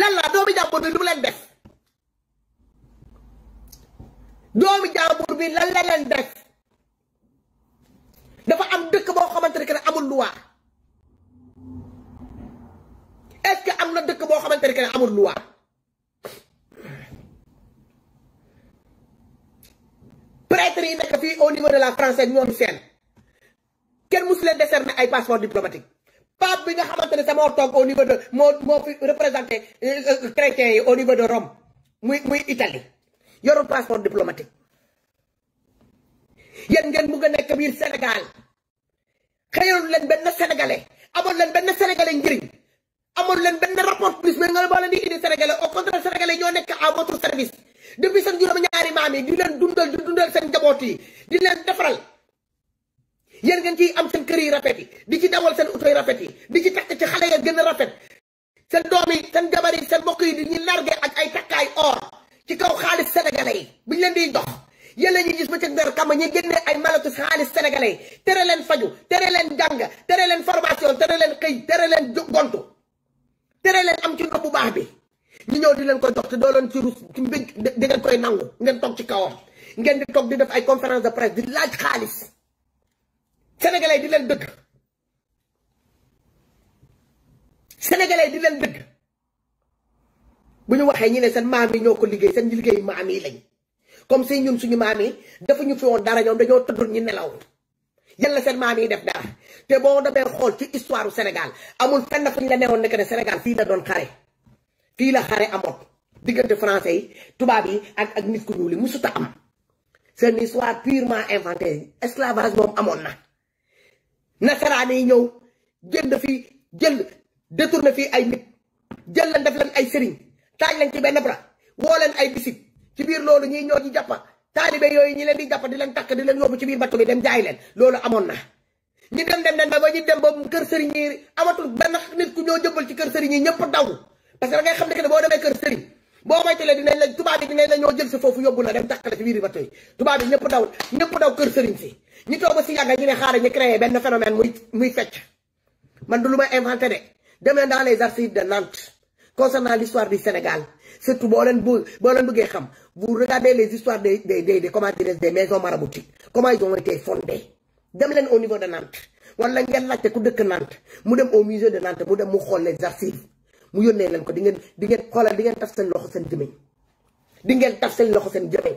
lan la doomi jàmbur bi lu mu leen def doomi jàmbur bi lan la leen def dafa am dekk bo xamanteni ne amul loi est-ce que am na dëkk boo amul loi prêtre yi nek fi au niveau de la France ak ñoom seen kenn musu décerner ay passeport diplomatique pape bi nga xamantene sama toog au niveau de mo mo fi représenté euh, euh, chrétiens yi au niveau de Rome muy muy Italie yoro passeport diplomatique yéen ngeen bugg a nek biir senegal xeyul len ben sénégalais amul len ben sénégalais njëriñ amul len ben rapport plus mais nga boo leen di indi sénégalais au contraire sénégalais ñoo nek à votre service depuis sen juroom ñaari maam di len dundal di dundal sen jaboti di len defaral. yéen ngeen ci am seen kër yi rafet yi di ci dawal seen oto yi rafet yi di ci takk ci xale ya gën a rafet seen doom yi seen jabar yi seen mbokk yi di ñu narge ak ay takkaay or ci kaw xaalis sénégalais yi bu ñu leen di jox yën la ñuy gis ba ca ndar kàmm ñu génnee ay malatu xaalis sénégalais tere leen faju tere leen jàng tere leen formation tere leen xëy tere leen gontu tere leen am ci ndox bu baax bi ñu ñëw di leen ko jox doo leen ci ruus ci mbéj di ngeen koy nangu ngeen ci kawam ngeen di toog di def ay conférence de presse di laaj xaalis sénégalais di leen dëgg sénégalais di leen dëgg bu ñu waxee ñi ne seen maam yi ñoo ko liggéey seen liggéey maam yi lañ comme si ñun suñu maam yi dafa ñu fi woon dara ñoom dañoo tëdd ñu nelaw yàlla seen maam yi def dara te boo demee xool ci histoire Sénégal amul fenn fu ñu la newoon nekk ne Sénégal fii la doon xare fii la xare amoon diggante français yi tubaab yi ak ak nit ku ñuul yi musut a am seen histoire purement inventée esclavage moom amoon na. nasaraan yi ñëw jënd fi jël détourné fii ay nit jël leen def leen ay sëriñ taaj leen ci benn bras woo leen ay bisib ci biir loolu ñii ñoo ci jàppa yooyu ñi leen di jàpp di leen takk di leen yóbbu ci biir jaay leen loolu amoon na ñu dem dem dem ba ñu dem ba kër sëriñ yi amatul ñëpp daw parce que da ngay xam ne que boo demee kër sëriñ boo moytalee ñoo jël foofu yóbbu la dem takk la ci biir bato yi tubaab yi ñëpp daw ñëpp daw kër sëriñ si ñi toog ci si yàgg ñu ne xaaral ñu créé benn phénomène muy muy fecc man du luma inventer dé de dans les archives de Nantes concernant l'histoire du Sénégal surtout bo leen bo leen bëggé xam vous regardez les histoires des des des comment dirais des maisons maraboutiques comment ils ont été fondées dem leen au niveau de Nantes wala ngeen laajte ku dëkk Nantes mu dem au musée de Nantes mu dem mu xol les archives mu yónnee leen ko di ngeen di ngeen xolal di ngeen taf seen loxo sen jëmeñ di ngeen taf seen loxo sen jëmeñ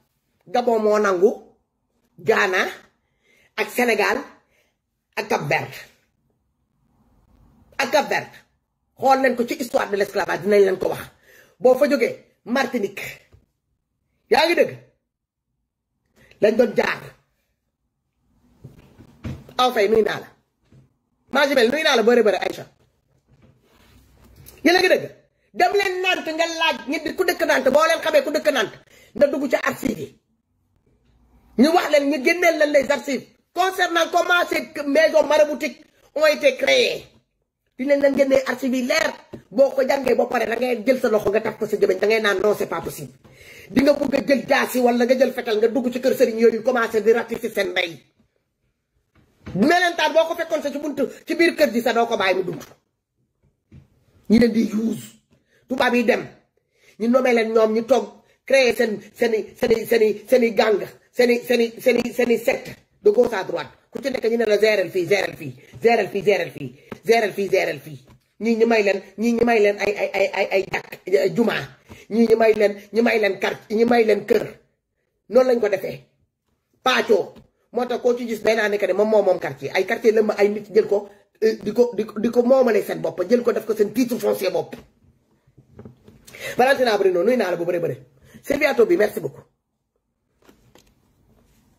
Gabon mo nangu Ghana ak Senegal, ak Cap Vert ak Cap Vert Xol nañ ko ci histoire de l'esclavage dinañ leen ko wax Bo fa joggé Martinique yaa deug. lañ doon jaar aw fay nuy naa Ma maa jibel nuy naa beure beure Aïcha yéen deug. dem len nante nga laaj ñi ku dekk nante bo len xamee ku dekk nante na dugg ci archive ñu wax leen ñu génneel leen les archives concernant comment ces maisons maraboutiques ont été créées dinañ leen génnee archives yi leer boo ko jàngee ba pare da ngay jël sa loxo nga taf ko sa gémmiñ da ngay naan non c'est pas possible di nga bëgg a jël jaas yi nga jël fetal nga dugg ci kër sëriñ yooyu commencé di rati si seen ndey melentaan boo ko fekkoon sa ci bunt ci biir kër ji sa doo ko bàyyi mu dund ñu leen di use tubaab yi dem ñu nomee leen ñoom ñu toog créer seen seeni i seen i seen i seen i gang seeni seeni seeni seeni secte de gauche à droite ku ci nekk ñu ne la gérel fii gérel fii gérel fii gérel fii gérel fii gérel fii ñii ñu may leen ñii ñu may leen ay ay ay ay ay jàkk jumaa ñii ñu may leen ñu may leen kar ñu may leen kër noonu lañ ko defee paacoo moo tax koo ci gis day naa ne que moom moo moom quartier ay quartier lëmm ay nit jël ko euh, di ko di ko di ko moomale seen bopp jël ko def ko seen titre foncier bopp a Bruno nuyu naa la bu bëri bëri Sylvia Toby merci beaucoup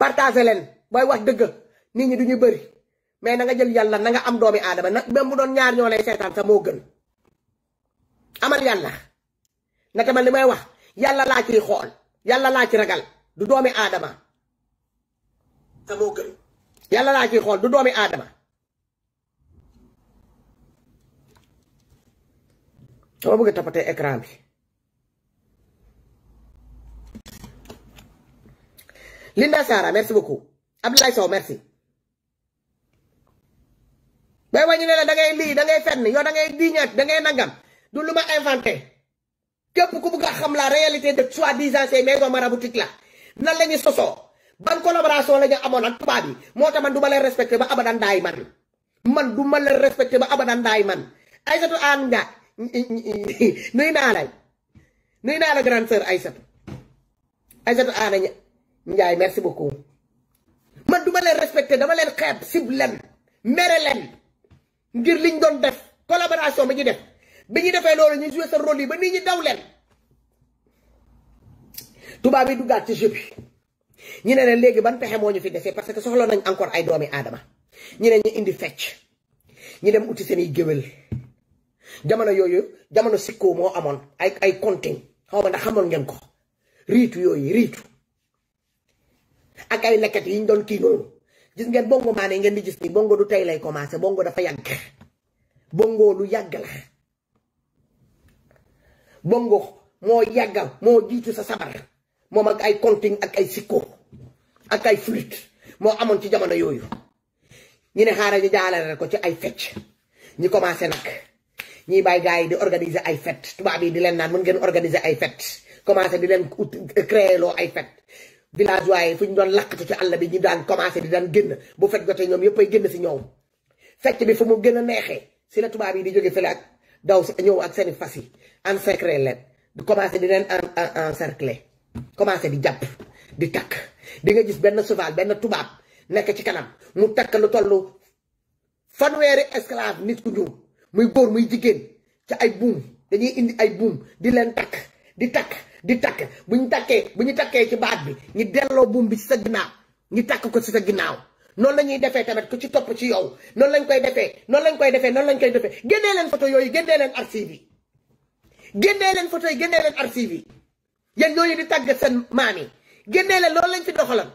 partagé leen booy wax dëgg nit ñi du ñu bëri mais na nga jël yàlla na nga am doomi aadama nag bu doon ñaar ñoo lay seetaan sax moo gën amal yàlla na tamit ni may wax yàlla laa ciy xool yàlla laa ci ragal du doomi aadama sax gën yàlla laa ciy xool du doomi aadama dama bëgg a toppatee écran bi Linda Sara merci beaucoup Abdoulaye Sow merci. bay wañu ne la da ngay lii da ngay fenn yow da ngay diñaat da ngay nangam du lu ma inventé képp ku bugg a xam la réalité de soi-disant ces maisons maraboutiques là nan la ñu sosoo ban collaboration la ñu amoon ak tubaab moo tax man du ma leen respecté ba abadan daay man man du ma leen respecté ba abadan man Aïssatou Anne Ndiaye nuy naa la nuy naa la grande sœur Aïssatou Aïssatou Anne Ndiaye merci beaucoup man duma leen respecté dama leen xeeb sib leen mere leen ngir liñ doon def collaboration bi ñu def bi ñu defee loolu ñu joué sa rôle yi ba nii ñu daw leen tubaab yi duggaat ci jeu bi ñu ne leen léegi ban pexe moo ñu fi defee parce que soxla nañ encore ay doomi aadama ñu ne ñu indi fecc ñu dem uti seen i géwél jamono yooyu jamono sikkoo moo amoon ay ay konting xaw ma ndax xamoon ngeen ko riitu yooyu riitu ak ay lekkat yi ñu doon kii noonu gis ngeen bongo maane ngeen di gis nii bongo du tey lay commencé bongo dafa yàgg bongo lu yàgg la bongo moo yàggal moo jiitu sa sabar moom ak ay konting ak ay sikko ak ay flûte moo amoon ci jamono yooyu ñu ne xaaral ñu jaalale ko ci ay fecc ñi commencé nag ñiy bàyyi gars yi di organiser ay fête tubaab yi di leen naan mën ngeen organiser ay fête commencé di leen créer loo ay fête villageois yi fu ñu doon lakkati ci àll bi ñu daan commencé di daan génn bu fekk jotee ñoom yëpp ay génn si ñoom fecc bi fu mu gën a neexee si la tubaab yi di jóge fële ak daw ñëw ak seeni fas yi encercler leen di commencé di leen en encercler commencé di jàpp di takk di nga gis benn cheval benn tubaab nekk ci kanam mu takk lu toll fanweeri esclave nit ku ñuul muy góor muy jigéen ci ay buum dañuy indi ay buum di leen takk di takk. di takk bu ñu takkee bu ñu takkee ci baat bi ñu delloo buum bi ci sa ginnaaw ñu takk ko ci sa ginnaaw noonu la ñuy defee tamit ku ci topp ci yow noon lañ koy defee noonu lañ koy defee noonu lañ koy defee génnee leen foto yooyu génnee leen archive yi génnee leen photo yi génnee leen archive yi yéen ñooñu di tàggat seen maam yi génnee leen loolu lañ fi doxalan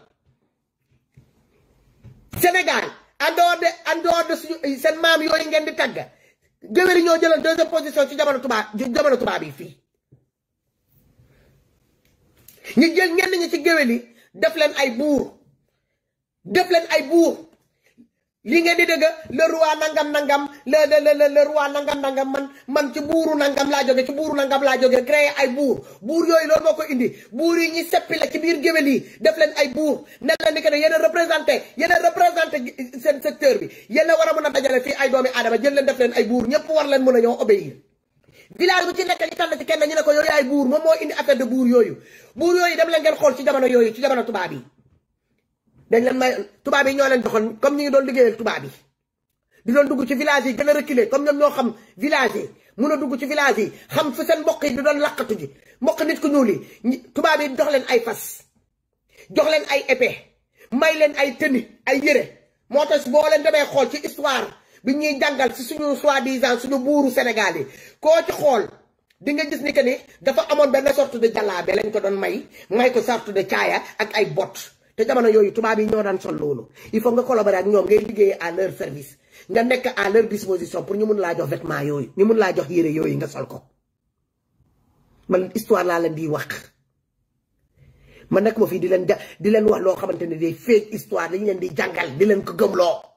Sénégal en dehors de en dehors de suñu seen maam yooyu ngeen di tàgg géwél yi ñoo jëloon deuxième position ci jamono tubaab ci jamono tubaab yi fii ñu jël ñenn ñi ci géwél yi def leen ay buur def leen ay buur li ngeen di dégg le roi nangam nangam le le le le roi nangam nangam man man ci buuru nangam laa jóge ci buuru nangam laa jóge créé ay buur buur yooyu loolu moo ko indi buur yi ñuy seppi la ci biir géwél yi def leen ay buur ne leen ni que ne yéen représenté yéen représenté seen secteur bi yéen war a mun a dajale fii ay doomi aadama jël leen def leen ay buur ñëpp war leen mën a ñoo obéir village bu ci nekk ñu tànn ci kenn ñu ne ko yow yaay buur moom moo indi affaire de buur yooyu buur yooyu dem leen ngeen xool ci jamono yooyu ci jamono tubaab yi dañ leen may tubaab yi ñoo leen joxoon comme ñu ngi doon liggéeyal tubaab yi di doon dugg ci village yi gën a reculé comme xam village yi mun a dugg ci village yi xam fu seen mbokk yi di doon laqatu ji mbokk nit ku ñuul yi tubaab yi jox leen ay fas jox leen ay épée may leen ay tenue ay yére moo tax boo leen demee xool ci histoire bi ñuy jàngal si suñu soi-disant suñu buuru Sénégal yi koo ci xool di nga gis ni que ni dafa amoon benn sorte de jàllaabe lañ ko doon may may ko sorte de caaya ak ay bot te jamono yooyu tubaab yi ñoo daan sol loolu il faut nga collaborer ak ñoom ngay liggéeyee à leur service nga nekk à leur disposition pour ñu mun laa jox vêtement yooyu ñu mun laa jox yére yooyu nga sol ko man histoire laa leen di wax man nekk ma fii di leen ja di leen wax loo xamante ne day fake histoire dañ leen di jàngal di leen ko gëmloo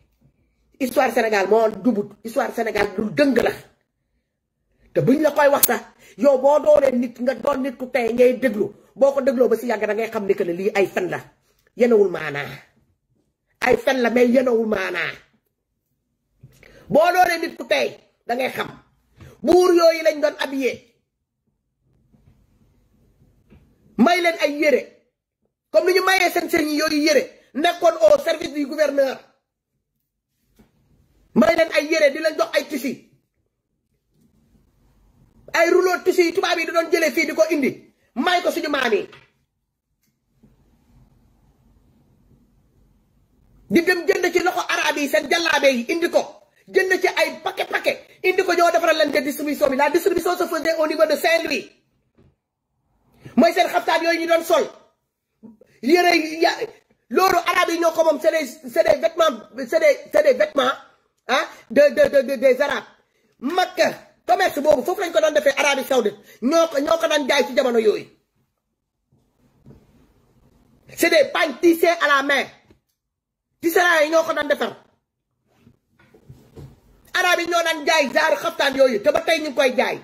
histoire Sénégal moo dubut histoire Sénégal lu dëng la te buñ la koy wax sax yow boo doonee nit nga doon nit ku tey ngay déglu boo ko dégloo ba si yàgg da ngay xam ne que ne lii ay fen la yenewul maanaa ay fen la mais yenewul maanaa boo doonee nit ku tey dangay xam buur yooyu lañ doon habillé may leen ay yére comme lu ñu mayee seen sëriñ yooyu yére nekkoon au service du gouverneur may leen ay yére di leen jox ay tissu ay rouleau tissu yi tubaab yi da doon jële fii di ko indi may ko suñu yi di dem jënd ci loxo arabe yi seen jàllaabe yi indi ko jël jënd ci ay paquet paquet indi ko ñoo defaral leen te distribution bi la distribution se faisait au niveau de Saint-Louis mooy seen xaftaan yooyu ñu doon sol yére ya loolu arabe yi ñoo ko moom c'est des c'est des vêtements c'est des c'est ah de de de des arabes makka commerce boobu foofu lañ ko doon defee Arabie Saoudite ñoo ko ñoo ko daan jaay ci jamono yooyu c'est des pagnes tissées à la main tisserands yi ñoo ko daan defar arab yi ñoo daan jaay jaar xaftaan yooyu te ba tey ñu ngi koy jaay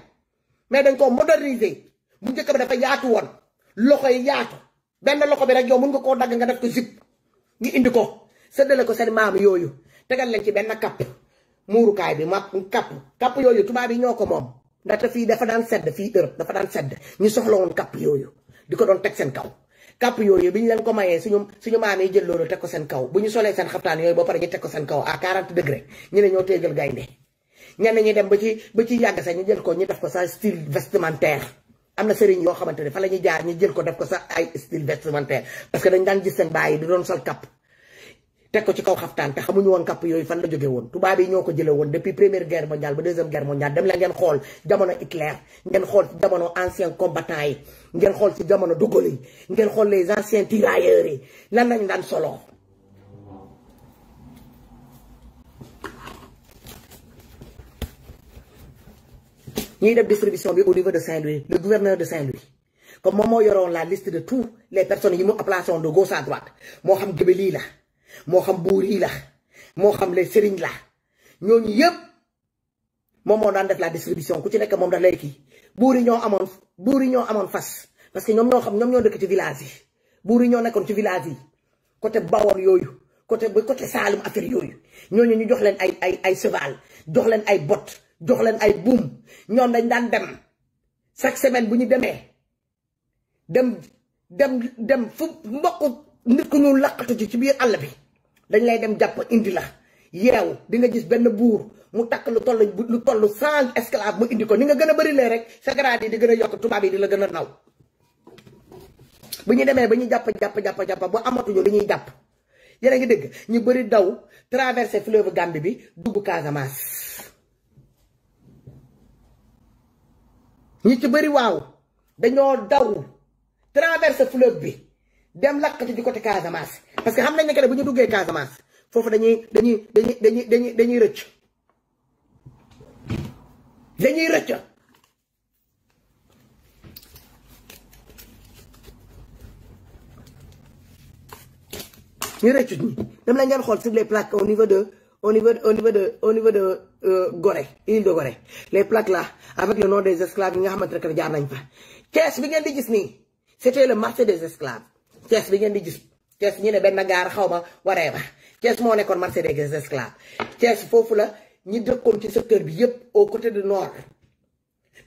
mais dañ ko moderniser bu njëkk ba dafa yaatu woon loxo yi yaatu benn loxo bi rek yow mun nga koo dagg nga def ko zip ngi indi ko séddale ko seen maam yooyu tegal leen ci cap muru kay bi ma cap cap yoyu tuba bi ñoko mom moom ndaxte fii dafa daan sedd fii Europe dafa daan sedd ñu soxla won cap yoyu diko don tek sen kaw cap yoyu biñ ñu ko mayee suñu suñu maam jël lolu tek ko sen kaw buñu solé sen seen xaftaan yooyu ba pare ñu tek ko sen kaw à 40 degré ñu ne ñoo téegal gaynde ñenn ñi dem ba ci ba ci yag sa ñu jël ko ñu def ko sa style vestimentaire amna serigne yo xamantene fa lañu jaar ñu jël ko def ko sa ay style vestimentaire parce que dañ daan gis sen baye di don sol cap teg ci kaw xaftaan te xamuñu won kapp yoy fan la jóge woon tubaab yi ñoo ko jële depuis première guerre mondiale ba deuxième guerre mondiale dem la ngeen xol jamono Hitler ngeen xol ci jamono ancien combattant yi ngeen xol ci jamono dogoli Gaulle yi ngeen xool les anciens tirailleurs yi lan lañ dan solo ñuy def distribution bi au niveau de Saint-Louis le gouverneur de Saint-Louis comme moom moo la liste de tous les personnes yi mu aplacé de gauche à droite mo xam gëbe lii la moo xam buur yi la moo xam les sëriñ la ñooñu yëpp moom moo daan def la distribution ku ci nekk moom da lay kii buur yi ñoo amoon buur yi ñoo amoon fas parce que ñoom ñoo xam ñoom ñoo dëkk ci village yi buur yi ñoo nekkoon ci village yi côté Bawol yooyu côté ba côté Saalum affaire yooyu ñooñu ñu jox leen ay ay ay cheval jox leen ay bot jox leen ay buum ñoom dañ daan dem chaque semaine bu ñu demee dem dem dem fu mbokk nit ku ñu laqatu ci ci biir àll bi. dañ lay dem japp indi la yew di nga gis ben bour mu tak lu tollu lu tollu cent esclave mu indi ko ni nga gëna bari bëri rek sa yi di gëna yok tuba bi di la gëna naw buñu démé buñu japp japp japp japp bo amatu ñu dañuy japp yéne nga dëgg ñu bari daw traverser fleuve Gambie bi dubu Casamance ñi ci bari waaw dañoo daw traverser fleuve bi dem lakkati ji côté Casamance parce que xam nañ ne que bu ñu duggee Casamance foofu dañuy dañuy dañuy dañuy dañuy dañuy rëcc dañuy rëcc. ñu rëccut ñi dem la ngeen xool sur les plaques au niveau de au niveau au niveau de au niveau de euh, Gorée île de Gorée les plaques là avec le nom des esclaves yi nga xamante ne jaar nañ fa. kees bi ngeen di gis nii c'était le marché des esclaves. Thiès bi ngeen di gis Thiès ñu ne benn gaar xaw ma waree ba Thiès moo nekkoon marché des esclaves Thiès foofu la ñi dëkkoon ci secteur bi yépp au côté de nord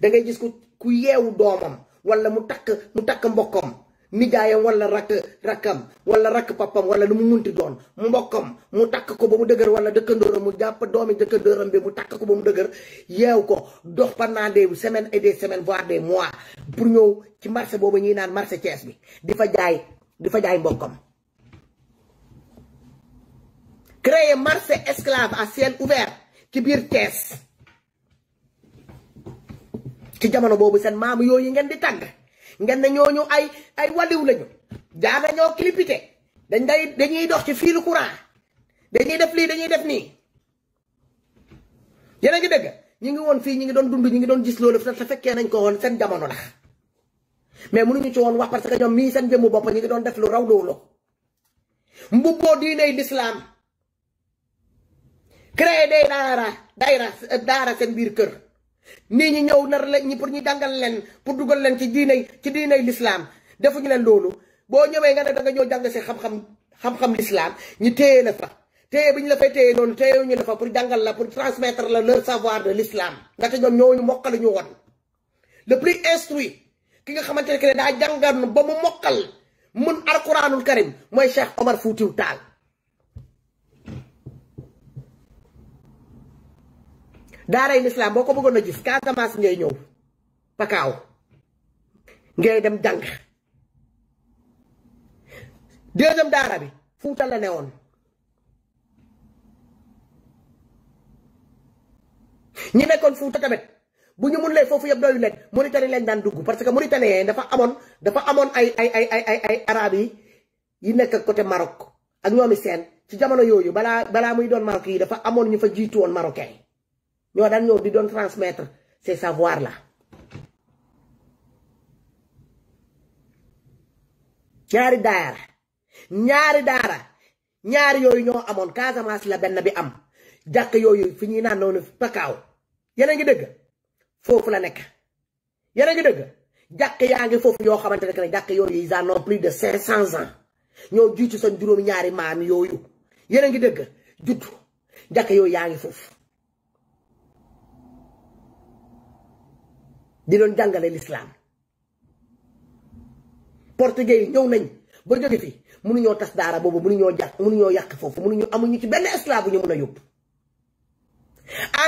da ngay gis ku ku yeewu doomam wala mu takk mu takk mbokkam nijaayam wala rakk rakkam wala rakk papam wala lu mu munti doon mbokkam mu takk ko ba mu dëgër wala dëkkandooram mu jàpp doomi dëkkandooram bi mu takk ko ba mu dëgër yeew ko dox pendant des semaines et des semaines voire des mois pour ñëw ci marché boobu ñuy naan marché Thiès bi di fa jaay di jay mbokam créer marché esclave à ciel ouvert ci bir Thiès ci jamono boobu seen nyonyo yooyu ngeen di tàgg ngeen ne ay ay waliw lañu jaaga ñoo clipité dañ day dañuy dox ci fil courant dañuy def li dañuy def ni yéen a ngi dëgg ñu ngi won fi ñi ngi don dund ñi ngi don gis loolu fa nañ ko won sen jamono la mais munu ñu ci won wax parce que ñom mi seen jëmmu bopp ñi ngi doon def lu raw loolu mbubboo diiné l'islam créé des daara daara daara seen biir kër ni ñi ñëw nar la ñi pour ñi jàngal leen pour duggal leen ci diiné ci diiné l'islam defu ñu leen lolu bo ñëwee nga ne da nga ñëw jàng ci xam-xam xam-xam l'islam ñi téye la fa téye biñ la fay téye non téye ñu la fa pour jàngal la pour transmettre la leur savoir de l'islam nga ñoom ñom ñoo ñu mokal ñu won le plus instruit ki nga xamante ne que daa jàngarnu ba mu mokkal mën alquranul karim mooy Cheikh Omar Foutiou Tall daaray lislaam boo ko bëggoon a gis Casamance ngay ñëw pakaaw ngay dem jàng deuxième daara bi Fuuta la newoon ñi nekkoon Fuuta tamit bu ñu mënulee foofu yëpp doyu leen Mauritanie lañ daan dugg parce que Mauritanien dafa amoon dafa amoon ay ay ay ay ay ay arab yi yi nekk ak côté Maroc ak ñoomi seen ci jamono yooyu balaa balaa muy doon Maroc yi dafa amoon ñu fa jiitu woon marocain ñoo daan ñëw di doon transmettre ces savoirs la ñaari daara ñaari daara ñaari yooyu ñoo amoon Casamance la benn bi am jàkk yooyu fi ñuy naan noonu pakaaw yéen a ngi dëgg. foofu la nekk yéen a ngi dëgg jàkk yaa ngi foofu yoo xamante ne que jàq jàkk yooyu ils en ont plus de cinq cents ans ñoo jiitu seen juróom-ñaari maam yooyu yéen a ngi dëgg judd jàkk yooyu yaa ngi foofu di doon jàngale lislaam portugais yi ñëw nañ ba jóge fi mënuñoo tas daara boobu mënuñoo jàkk ñoo yàq foofu mënuñu amuñu ci benn esclave bu ñu mën a yóbbu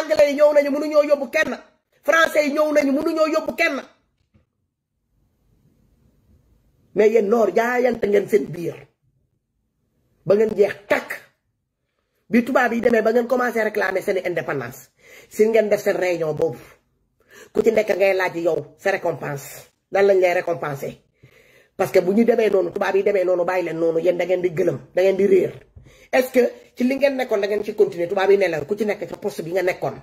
anglais yi ñëw nañu mënuñoo yóbbu kenn français yi ñëw nañu ñoo yóbbu kenn mais yeen nor jaayante ngeen seen biir ba ngeen jeex tak bi tuba bi démé ba ngeen commencer réclamer seen indépendance si ngeen def seen réunion bobu ku ci nek ngay laaj yow sa récompense dal lañ lay récompenser parce que bu ñu demee noonu tubaab yi demee noonu bàyyi leen nonu yeen da ngeen di gëlem da ngeen di rire est-ce que ci li ngeen nekkon da ngeen ci continuer tuba bi ne la ku ci nek ci poste bi nga nekkon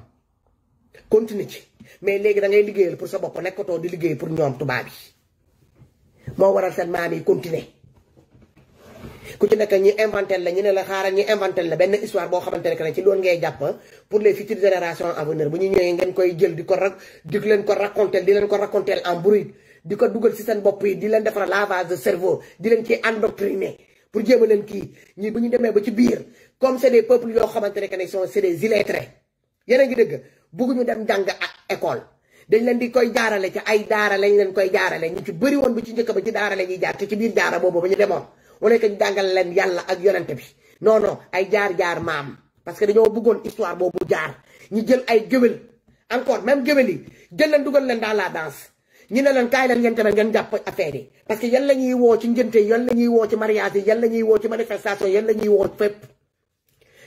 continue ci mais légui da ngay liggéeyal pour sa bop nekoto di liggéey pour ñom tuba bi mo waral sen maam yi continuer ku ci nek ñi inventer la ñi ne la xaaral ñi inventer la ben histoire boo xamante ne ci doon ngay japp ah, pour les futures générations à venir bu ñu ñëwé ngeen koy jël diko rak diko len ko raconter di len ko raconter en bruit diko duggal ci sen bop yi di len defal lavage de cerveau di len ci endoctriner pour jéem len ki ñi bu ñu démé ba ci biir comme c'est des peuples yo xamantene ne que ne sont c'est des illettrés yéen a ngi dëgg. bugguñu dem jàng école dañ leen di koy jaarale ci ay daara ñu leen koy jaarale ñu ci bëri woon bu ci njëkk ba ci daara la ñuy jaar te ci biir daara boobu ba ñu demoon wala que ñu jàngal leen yàlla ak yonente bi non ay jaar-jaar maam parce que dañoo bëggoon histoire boobu jaar ñu jël ay géwél encore même géwél yi jël leen dugal leen dans la danse ñu ne leen kaay leen ngeen tamit ngeen jàpp affaire yi parce que yan la ñuy woo ci njënte yan la woo ci mariage yi yan la ñuy woo ci manifestation yan la ñuy woo fépp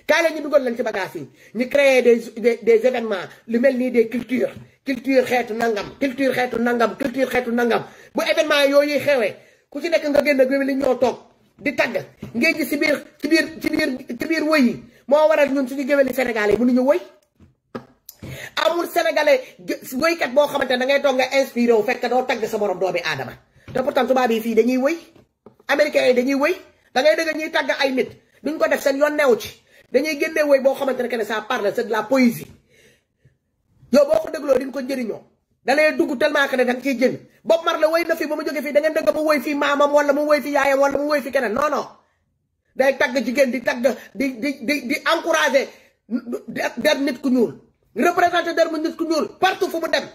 kaay la ñu dugal leen ci bagages yi ñu créer des des événements lu mel nii des cultures culture xeetu nangam culture xeetu nangam culture xeetu nangam bu événement yooyu xewee ku ci nekk nga génn gëwél li ñoo toog di tagg ngay gis biir ci biir ci biir ci biir woy yi moo waral ñun suñu gëwél yi Sénégal yi mënuñu woy amul sénégalais woykat boo xamante ne toog nga inspiré wu fekk doo tagg sa morom doomi aadama te pourtant tubaab yi fii dañuy woy américains yi dañuy woy da ngay dëgg ñuy tagg ay nit duñ ko def seen yoon neew ci dañuy génne woy boo xamante ne que ne ça parle c'est de la poésie yow boo ko dégloo di nga ko njëriñoo da lay dugg tellement que ne da nga ciy jënd Bob Marley woy na fi ba mu jógee fii da ngeen dëgg mu woy fi maamam wala mu woy fi yaayam wala mu woy fi keneen non non day tagg jigéen di tagg di di di di encourager der nit ku ñuul représenter der mu nit ku ñuul partout fu mu dem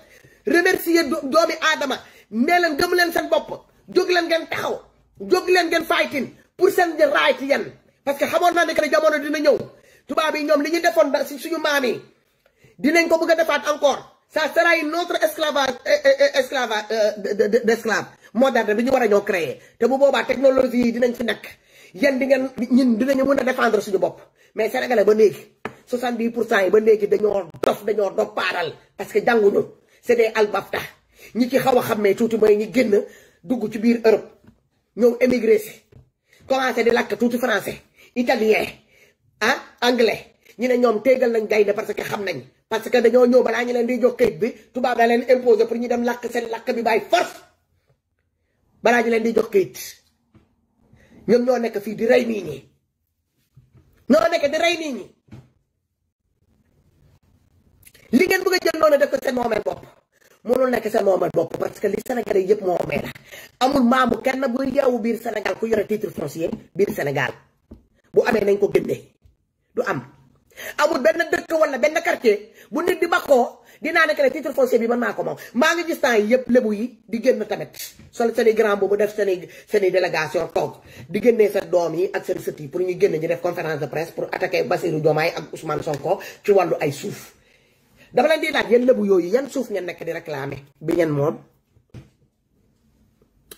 remercier doomi aadama nee leen gëm leen seen bopp jóg leen ngeen taxaw jóg leen ngeen fighting pour seen raay ci yenn parce que xamone na nek que jamono dina ñew tuba bi ñom li ñu defon ba ci suñu mami dinañ ko bëgg a defaat encore ça sera une autre esclavage eh, eh, eh, esclavage euh, d'esclave moderne bi ñu wara ñoo créer te bu boba technologie yi dinañ ci nek yeen di ngeen ñin dinañ mëna défendre suñu bop mais sénégalais ba léegi 70 yi ba léegi dañoo dof dañoo do paral parce que jànguñu c' des albafta ñi ci xawa xamé tuti may ñi genn dugg ci biir Europe ñoo émigrer si commencé di lak tuti français. italien ah anglais ñu ne ñoom téegal nañ gaynde parce que xam nañ parce que dañoo ñëw balaa ñu leen di jox kayit bi tubaab da leen imposé pour ñu dem làkk seen làkk bi bàyyi force balaa ñu leen di jox kayit ñoom ñoo nekk fii di rey nii ñi ñoo nekk di rey nit ñi li ngeen bëgg a jël noonu def ko seen moomeel bopp mënul nekk seen moomeel bopp parce que li Sénégalais yëpp moomee la amul maamu kenn buy yeewu biir Sénégal ku yore titre foncier biir Sénégal. bu amee nañ ko génne du am amul benn dëkk wala benn quartier bu nit di bakkoo dinaa nekk le titre foncier bi man naa ko moom maa ngi gis temps yi yëpp lébu yi di génn tamit sol seen i grand boobu def seen i seen i di génnee sa doom yi ak seen sët yi pour ñu génn ñu def conférence de presse pour attaquer Bassirou Diomaye ak Ousmane Sonko ci wàllu ay suuf dama leen di laaj yéen yooyu yan suuf ngeen nekk di réclamer bi ngeen moom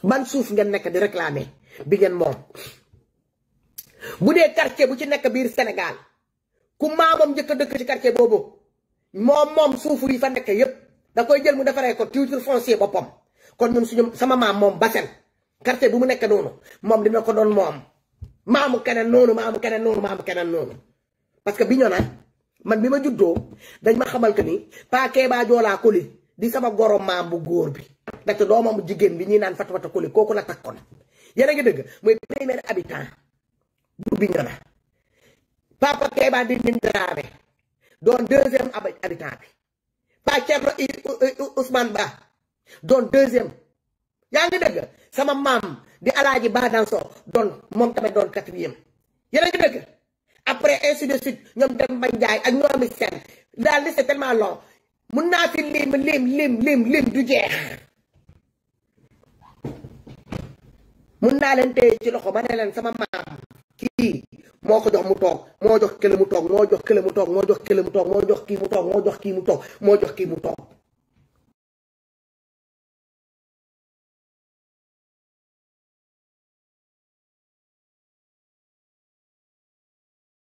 ban suuf ngeen nekk di réclamer bi ngeen moom bu dee quartier bu ci nekk biir Sénégal ku maamam njëkk a dëkk ci quartier boobu moom moom suufu yi fa nekk yëpp da koy jël mu defaree ko titre foncier boppam kon ñun suñu sama maam moom Bassène quartier bu mu nekk noonu moom dina ko doon moom maamu keneen noonu maamu keneen noonu maamu keneen noonu parce que bi ñoo na man bi ma juddoo dañ ma xamal que ni Pa Kéba Joolaa Koli di sama goro maam bu góor bi ndaxte doomam jigéen bi ñuy naan Fatou Fatou Koli kooku la takkoon yéen a ngi dëgg mooy premier habitant Goubi Ngana Papa Keba di Ndine Dramé doon deuxième habitant bi Pa Thierno Ousmane Ba doon deuxième yaa ngi dëgg sama maam di Alaaji Ba Danso doon moom tamit doon quatrième yéen a ngi dëgg après ainsi de suite ñoom dem ba ak ñoomi seen daal li c'est tellement long mun naa fi lim lim lim lim du jeex mun naa leen téye ci loxo ma ne leen sama maam kii moo ko jox mu toog moo jox kële mu toog moo jox kële mu toog moo jox kële mu toog moo jox kii mu toog moo jox kii mu toog moo jox kii mu toog